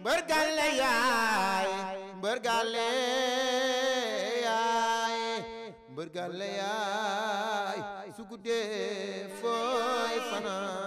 mbër gàlle yaay mbër yaay mbër gàlle yaay yaay mbër fooy fanaan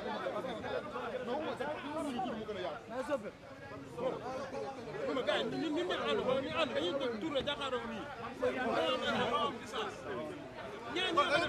Touré jàkkaarloo nii. ñaan ñaan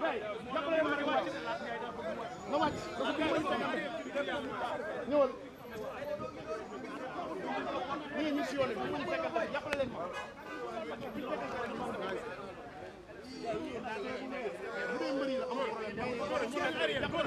Hey, ñii ñu si yoon bi a fekkal tamit jàppale leen ma bu dee mbëri la amul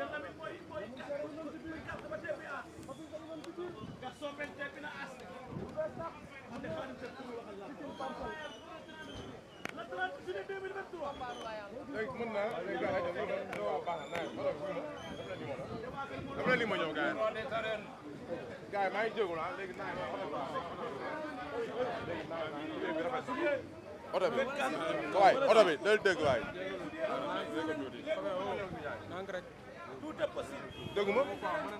Lamine mooy mooy gàtt ba tey bi aas ndax soo mel tey bi na aas am na xaalis te pour waxal la 30 juillet 2023 léegi mën naa léegi gars yi dafa dafa baax na dafa la lima ñëw gars yi gars yi maa ngi jégalu ah léegi naa léegi naa oto bi waay oto bi del dégg waay tout est possible. déggu ma. kon dama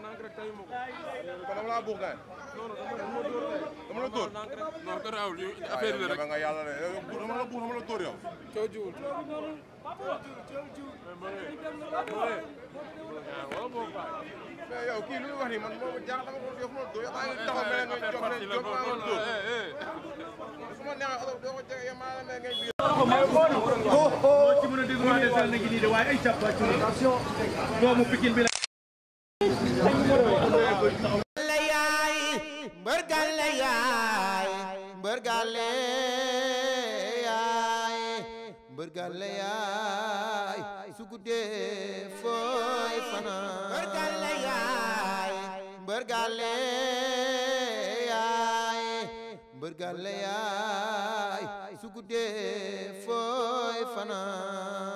laa buux kay. dama la dóor. non garaawul yow affaire la rek. dama nga yàlla de yow eh, dama la buux dama la dóor yow. coow jiwul. mais eh, yow kii lu muy wax nii man moom jaaxal dama ko yow fu ma la dóor yow. maa ngi taxaw eh, mel ni jox leen jox maa ngi dóor. la gal la yaay mbër gal la yaay mbër gal la yaay su gal la yaay mbër gal la mbër gàlle yaay su guddee fooy fanaan